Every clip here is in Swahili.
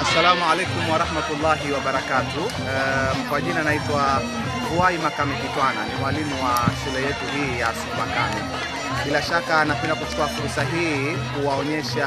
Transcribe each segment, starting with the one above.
Assalamu alaikum warahmatullahi wabarakatuh. Uh, eh, kwa jina naitwa Huai Makame Kitwana, ni mwalimu wa shule yetu hii ya Makame. Bila shaka napenda kuchukua fursa hii kuwaonyesha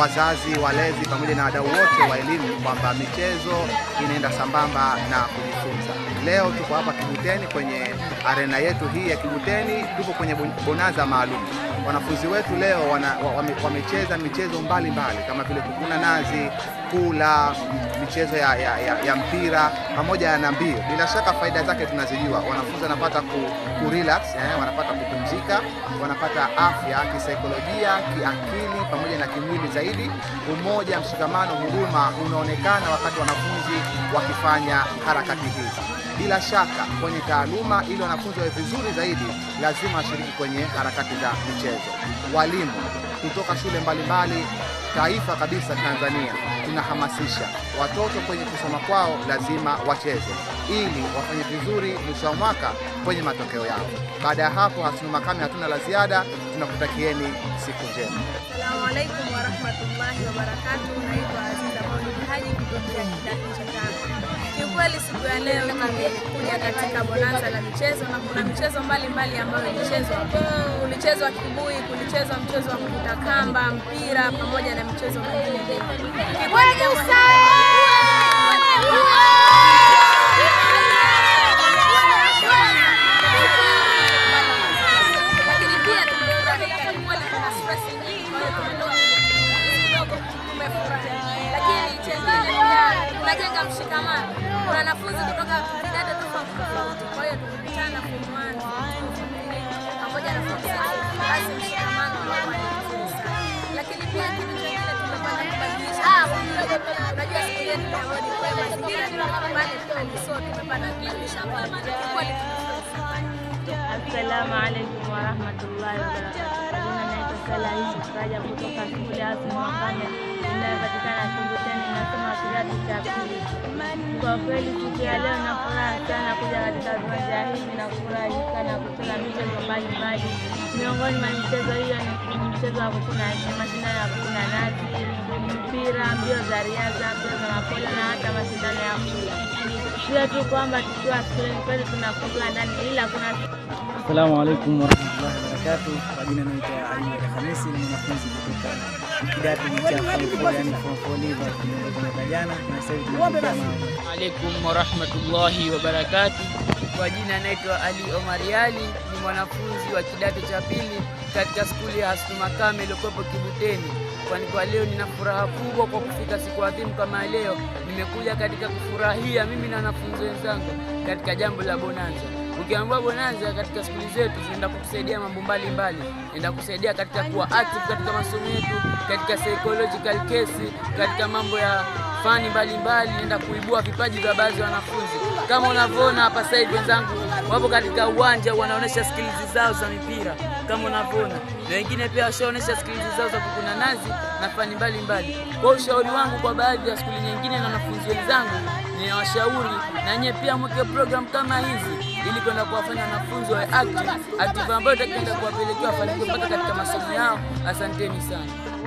wazazi, walezi pamoja na wadau wote wa elimu kwamba michezo inaenda sambamba na kujifunza. Leo tuko hapa Kibuteni kwenye arena yetu hii ya Kibuteni, tuko kwenye bonaza maalum wanafunzi wetu leo wamecheza wame, wamecheza michezo mbalimbali mbali, kama vile kukuna nazi, kula, michezo ya, ya, ya, ya mpira pamoja na mbio. Bila shaka faida zake tunazijua. Wanafunzi wanapata ku, ku relax, eh, wanapata kupumzika, wanapata afya kisaikolojia, kiakili pamoja na kimwili zaidi. Umoja, mshikamano, huruma unaonekana wakati wanafunzi wakifanya harakati hizi. Bila shaka kwenye taaluma, ili wanafunzi wawe vizuri zaidi, lazima washiriki kwenye harakati za michezo michezo, walimu kutoka shule mbalimbali taifa kabisa Tanzania tunahamasisha watoto kwenye kusoma kwao, lazima wacheze ili wafanye vizuri mwisho wa mwaka kwenye matokeo yao. Baada ya hapo, Hasnu Makame hatuna la ziada, tunakutakieni siku njema. Asalamu alaykum wa rahmatullahi wa barakatuh. Naitwa Aziza Maulid Haji kutokea kidato cha tano. Kiukweli siku ya leo nimekuja katika bonanza la michezo na kuna michezo mbalimbali ambayo imechezwa mchezo wa kibui, kulichezwa mchezo wa kuvuta kamba, mpira pamoja na michezo mingine. Tunajenga mshikamano, wanafunzi kutoka tofauti. Kwa hiyo tukutana Assalamu alaikum warahmatullahi wabarakatuh. Naitwa Sala Yusuf Raja kutoka shule ya Mafanya inayopatikana Tunguteni, nasoma kidato cha pili. Kwa kweli siku ya leo na furaha soka na kucheza michezo mbalimbali. Miongoni mwa michezo hiyo ni mchezo wa kukuna mashindano ya kukuna nazi, mpira, mbio za riadha, mbio za mapole na hata mashindano ya kula. Sio tu kwamba tukiwa shuleni kweli tunafunzwa ndani, ila kuna Asalamu alaykum wa rahmatullahi wa barakatuh. Kwa jina naitwa Ali Khamisi, ni mwanafunzi kutoka kidato cha yani form 4 jana na sasa hivi wa rahmatullahi wa barakatuh kwa jina anaitwa Ali Omariali, ni mwanafunzi wa kidato cha pili katika skuli ya Hasnu Makame iliyokuwepo Kibuteni. Kwani kwa leo nina furaha kubwa kwa kufika siku adhimu kama leo. Nimekuja katika kufurahia mimi na wanafunzi wenzangu katika jambo la bonanza. Ukiambiwa bonanza katika skuli zetu, tunaenda kukusaidia mambo mbalimbali, naenda kusaidia katika kuwa active katika masomo yetu, katika psychological case, katika mambo ya fani mbalimbali, naenda kuibua vipaji vya baadhi ya wanafunzi. Kama unavyoona hapa sasa hivi wenzangu wapo katika uwanja, wanaonesha skills zao za mipira kama unavyoona, na wengine pia washaonesha skills zao za kukuna nazi na fani mbalimbali. Kwa ushauri wangu kwa baadhi ya skuli nyingine na wanafunzi wenzangu, ninawashauri na nyie pia mweke program kama hizi ili kwenda kuwafanya wanafunzi wawe active active, ambayo itakwenda kuwapelekea wafanikiwe mpaka katika masomo yao. Asanteni sana.